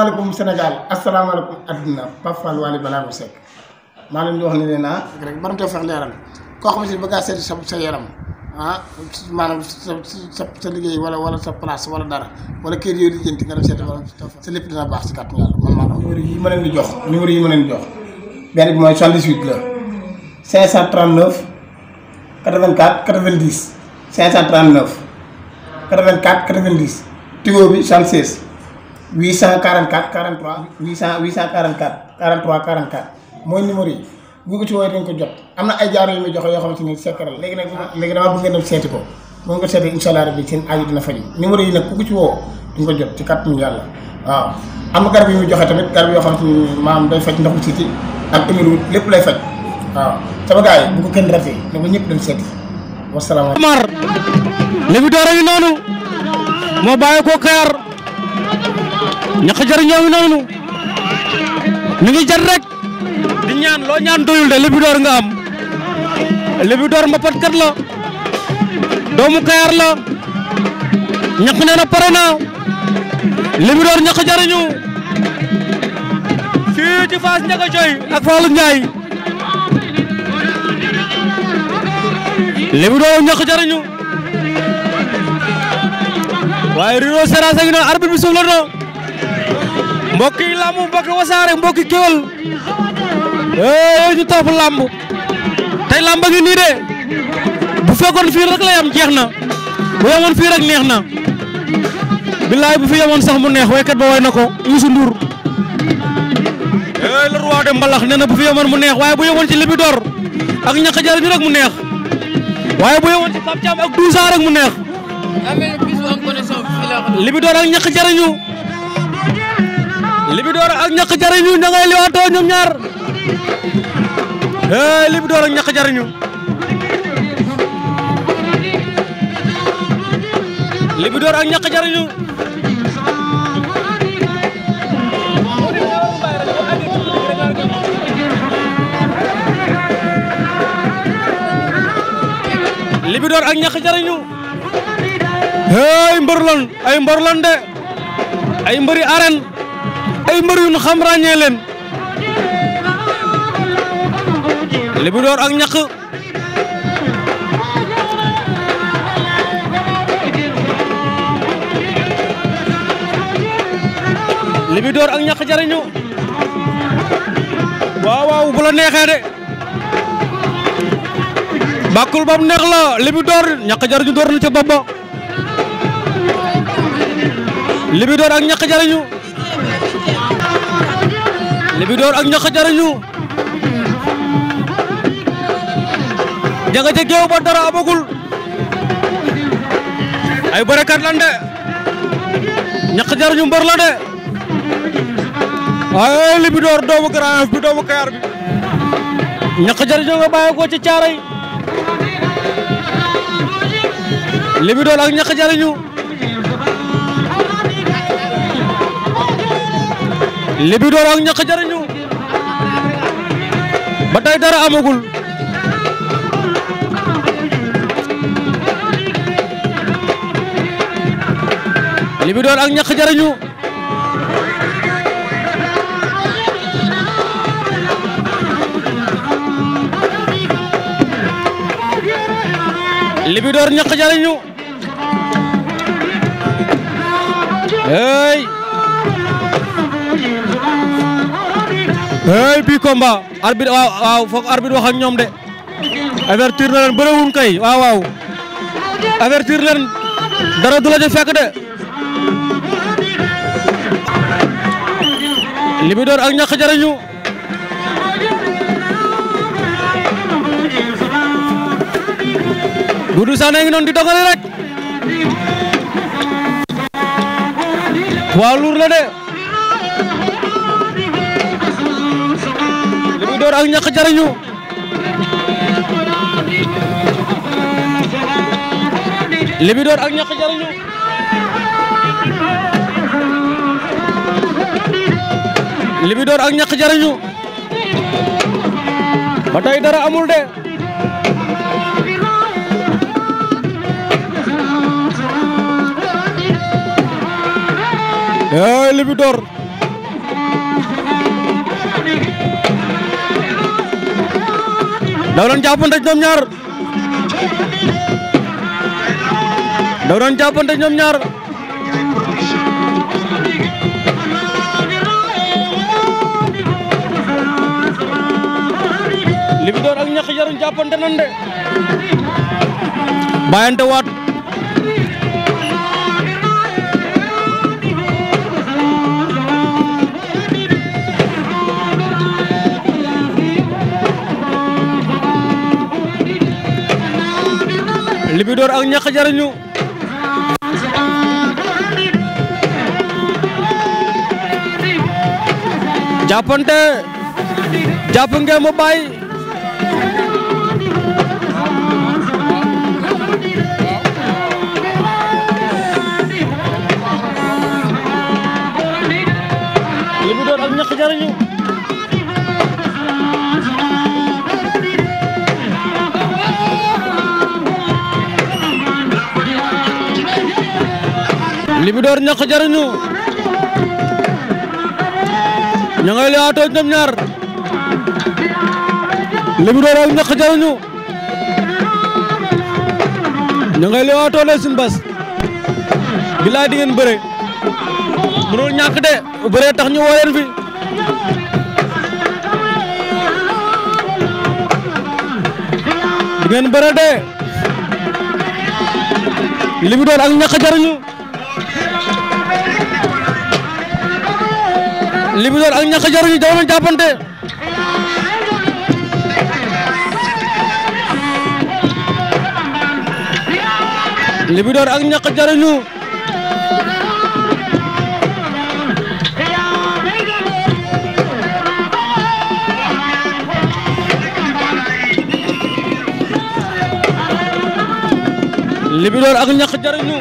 asalaamaaleykum Sénégal asalaamaaleykum adduna Pape Fall Waly Ballago Seck maa leen di wax ne leen ah rek mën nga fex leeral koo xam si bëgg a seeti sa sa yaram ah maanaam sa sa sa liggéey wala wala sa place wala dara wala kër yooyu di nga def seeti wala sa lépp dina baax si kàttu yàlla man maa numéro yi ma leen di jox numéro yi ma leen di jox benn bi mooy 78 la 539 84 90 539 84 90 tigo bi 76 844 43 800 844 43 44 mooy numéro yi bu ko ci woowee dañ ko jot am na ay jaaro yu muy joxe yoo xamante ni secret léegi nag léegi damaa bëgg ngeen seeti ko bu nga seetee incha allah rabbi seen aay dina faju numéro yi nag ku ko ci woo duñ ko jot ci kàttanu yàlla waaw am na garab yu muy joxe tamit garab yoo xamante ni maam day faj ndoxu siiti ak émiru lépp lay faj waaw sama gars yi bu ko kenn ratee ne ko ñëpp dem seeti wasalaamaaleykum Omar Libidor a ngi noonu moo bàyyi ko Kayar ñax jariñoo ngi noonu ñu ngi jar di ñaan loo ñaan doyul de Libidor nga am Libidor mbapat kat la doomu Kayar la ñax nee na pare na Libidor ñax jariñu fii ci Fass Ndiaga Thioye ak Fallou Ndiaye Libidor ñax jariñu waaye Riro Séras a ngi noonu arbitre bi suuf mbokk yi làmb mbokk wasaare mbokk kéwél yooyu ñu topp làmb tey làmb ngi nii de bu fekkoon fii rek la yam jeex na bu yemoon fii rek neex na billaay bu fi yemoon sax mu neex waykat ba way na ko Youssou Ndour yooyu eh, la roi mbalax nee na bu fi yemoon mu neex waaye bu yemoon ci Libidor ak ñàkk jariñ rek mu neex waaye bu yemoon ci Pape Thiam ak Douza rek mu neex Libidor ak ñàkk jariñu Libidor ak ñàkk jariñu ña ngay liwaatoo ñoom ñaar eh Libidor ak ñàkk jariñu Libidor ak ñàkk jariñu Libidor ak ñàkk jariñu mbër lan ay mbër lan de ay mbëri arène ay mbër yu ñu xam ràññee leen Libidor ak ñaq Libidor ak ñaq jariñu waaw waaw bu la neexee de bàkkul bam neex la Libidor ñaq jariñu door na ca bopp ba Libidor ak ñaq jariñu Libidor ak ñax jariñu ña nga ca géew ba dara amagul ay bërekat lan de ñax jariñu mbër la de waaye Libidor doomu Grand Yoff bi doomu Kayar bi ñax jariñu nga bàyyi ko ci caaray Libidor ak ñax jariñu Libidor ak ñàkk jariñu ba tey dara amagul Libidor ak ñàkk jariñu Libidor ñàkk hey bi combat arbitre waaw waaw foog arbitre wax ak ñoom de avertir leen bëriwul kay waaw waaw avertir leen dara du la fekk de Libidor ak ñàkk jariñu Doudou Sané ngi noon di dogale rek waaw luur la de door ak ñàkk jariñu Libidor ak ñàkk jariñu Libidor ak ñàkk jariñu ba tey dara amul de ee Libidor daw doon jàppante ñoom ñaar daw doon jàppante ñoom ñaar Libidor ak Ñax Yaram jàppante nan de bàyyante waat Libidor ak ñax jariñu jàppante jàpp ngeen mu bàyyi Libidor ñàkk jariñu ña ngay leewaatoo ñoom ñaar Libidor ak ñàkk jariñu ña ngay leewaatoo bas bilaay di ngeen bëre mënul ñàkk de bëre tax ñu woo fi di ngeen bëre de Libidor ak ñàkk jariñu Libidor ak ñàkk jaruñu daw na jàppante Libidor ak ñàkk jaruñu Libidor ak ñàkk jaruñu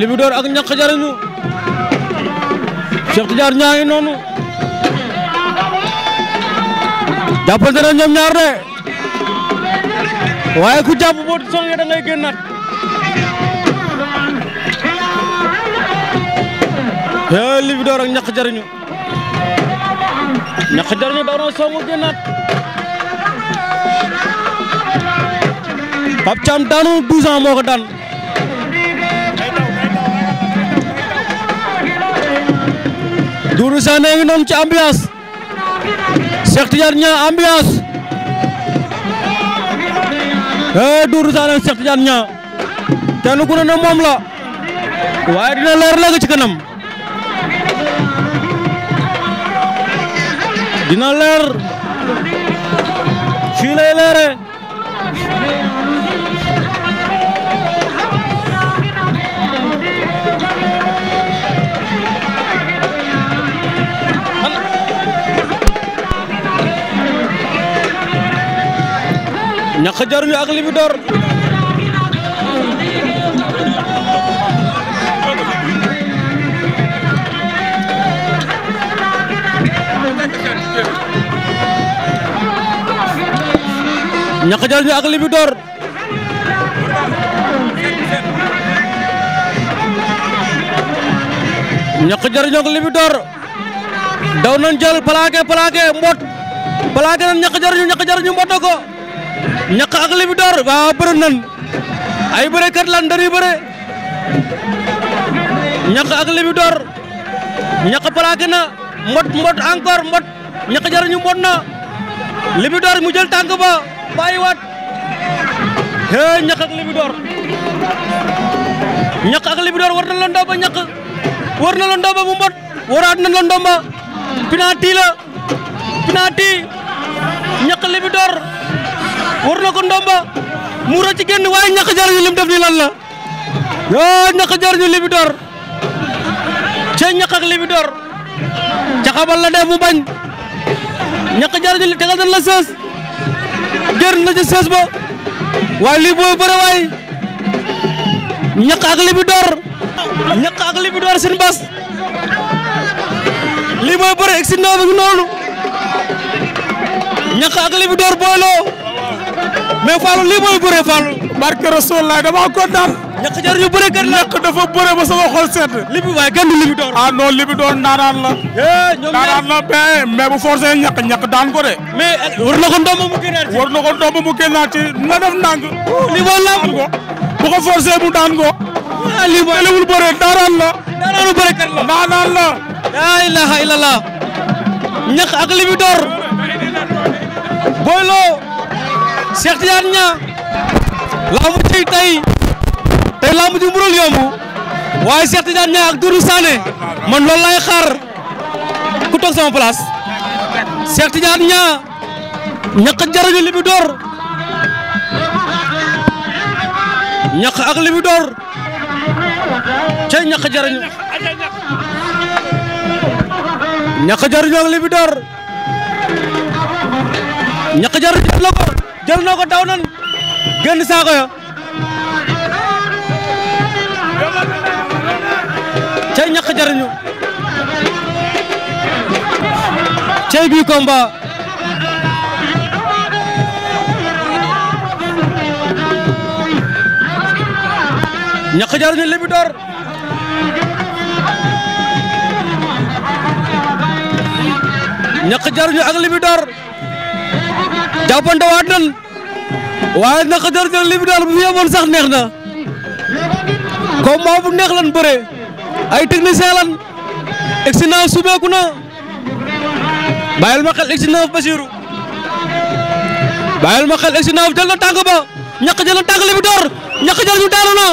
door ak ñaq jariñu Cheikh Tidiane ñaa ñaar de waaye ku jàpp boo songee da ngay génnaat hee Libidor ak ñaq jariñu ñaq jariñu daw na songu génnaat Pape Thiam Doudou Sané ngi noonu ci ambiance Cheikh Tidiane Niang ambiance eh Doudou Sané Cheikh ku ne na moom la waaye dina leer léegi ci kanam dina leer xëjaruñu ak Libidor ña xëjaruñu ak Libidor ña xëjaruñu ak Libidor daw nañ jël plaqué plaqué mbot plaqué nañ ña xëjaruñu ña xëjaruñu mbot na ko ñaq ak Libidor waaw bëri nan ay bërekat lan dañuy bëre ñaq ak Libidor ñaq plaqué na mbot mbot encore mbot ñaq jariñu mbot na Libidor mu jël tànk ba bàyyiwaat hee ñaq ak Libidor ñaq ak Libidor war na la ndomba ñaq war na la mu mbot waraat na la ndomba la penalty mu rëcc génn waaye ñàkk jariñu lim def ni lan la yoo ñàkk jariñu Libidor ca ñàkk ak Libidor ca xabal la def mu bañ ñàkk jariñu tegal nañ la sës génn na ci sës ba waaye lii booy bëre waay ñàkk ak Libidor ñàkk ak Libidor seen bas lii mooy bëre exit noo bi noonu ñàkk ak Libidor booloo mais Fallou lii mooy bëre Fallou. barke Rasulullah damaa kontaan. ñàkk jar ñu bëre kat la ñàkk dafa bëre ba sama xol sedd. li bi waaye kenn du li bi doon. ah non li bi doon naanaan la. ñoom naanaan la mais mais bu forcé ñàkk ñàkk daan ko de. mais eh, war na ko ndomb mu génnaat ci. war na ko ndomb mu génnaat ci na def ndànk. li boo lamb ko bu ko forcé mu daan ko. ah li boo lewul bëre naanaan la. naanaanu bëre kat la naanaan la. laa ilaaha illallah. ñàkk ak li bi door. Boy Lo. Cheikh Tidiane Niang lamb ji tey tey lamb ji mburul waaye Cheikh Tidiane Niang ak Doudou Sané man loolu lay xaar ku toog sama place Cheikh Tidiane Niang ñaq jarañu li bi door ñaq ak li bi ñaq jarañu ñaq jarañu ak li bi jël na ko daw nan génn saako ya cey ñàkk jariñu cey bi combat ñàkk jariñu Libidor ñàkk jariñu ak Libidor jàppante waat nan waaye naka jërëjëf li mu daal bu sax neex na combat bu neex lan bëre ay technicien lan excellence sumeeku na bàyyil ma xel excellence Basiru bàyyil ma xel excellence jël na tànk ba ñaq jël na tànk li mu door ñaq jar daanu na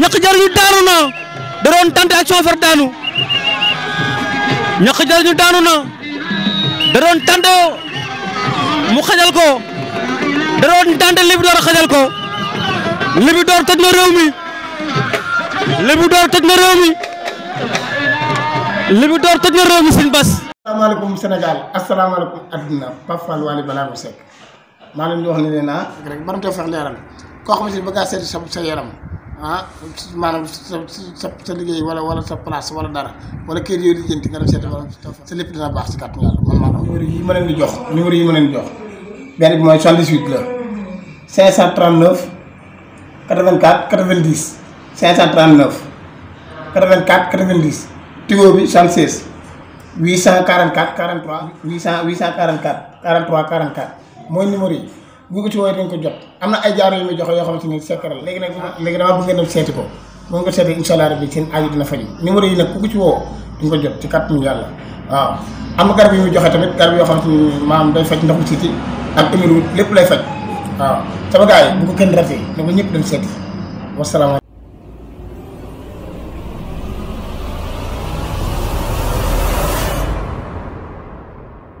ñaq jar ñu daanu na da doon tante action far daanu ñaq jar daanu na da doon tante mu xajal ko da doon dante Libidor xajal ko Libidor tëj na réew mi Libidor tëj na réew mi Libidor tëj na réew mi sin bas asalaamaaleykum Sénégal asalaamaaleykum adduna Pape Fall maa leen di wax ne leen ah rek baramtoo fex koo xam ne si bëgg a seeti sa sa yaram ah maanaam sa sa sa liggéey wala wala sa place wala dara wala kër yooyu di jënti nga dem seet wala sa lépp dina baax si kàttan yàlla man jox numéro yi ma leen di jox benn bi mooy 78 la 539 84 90 539 84 90 Tigo bi 76 844 43 800 844 43 44 mooy numéro yi. bu ko ci woowee dañ ko jot am na ay jaar yu muy joxe yoo xam xamante ni seetaral léegi nag léegi dama bëgg a dem seeti ko moom nga seeti incha allah rabbi seen aaju dina faju yi ko ci woo duñ am na garab yu muy joxe tamit garab yoo xamante ni maam day faj ndoxu siiti ak émiru lépp lay faj waaw sama gars bu ko kenn ratee ne ko ñëpp dem seeti wasalaamaaleykum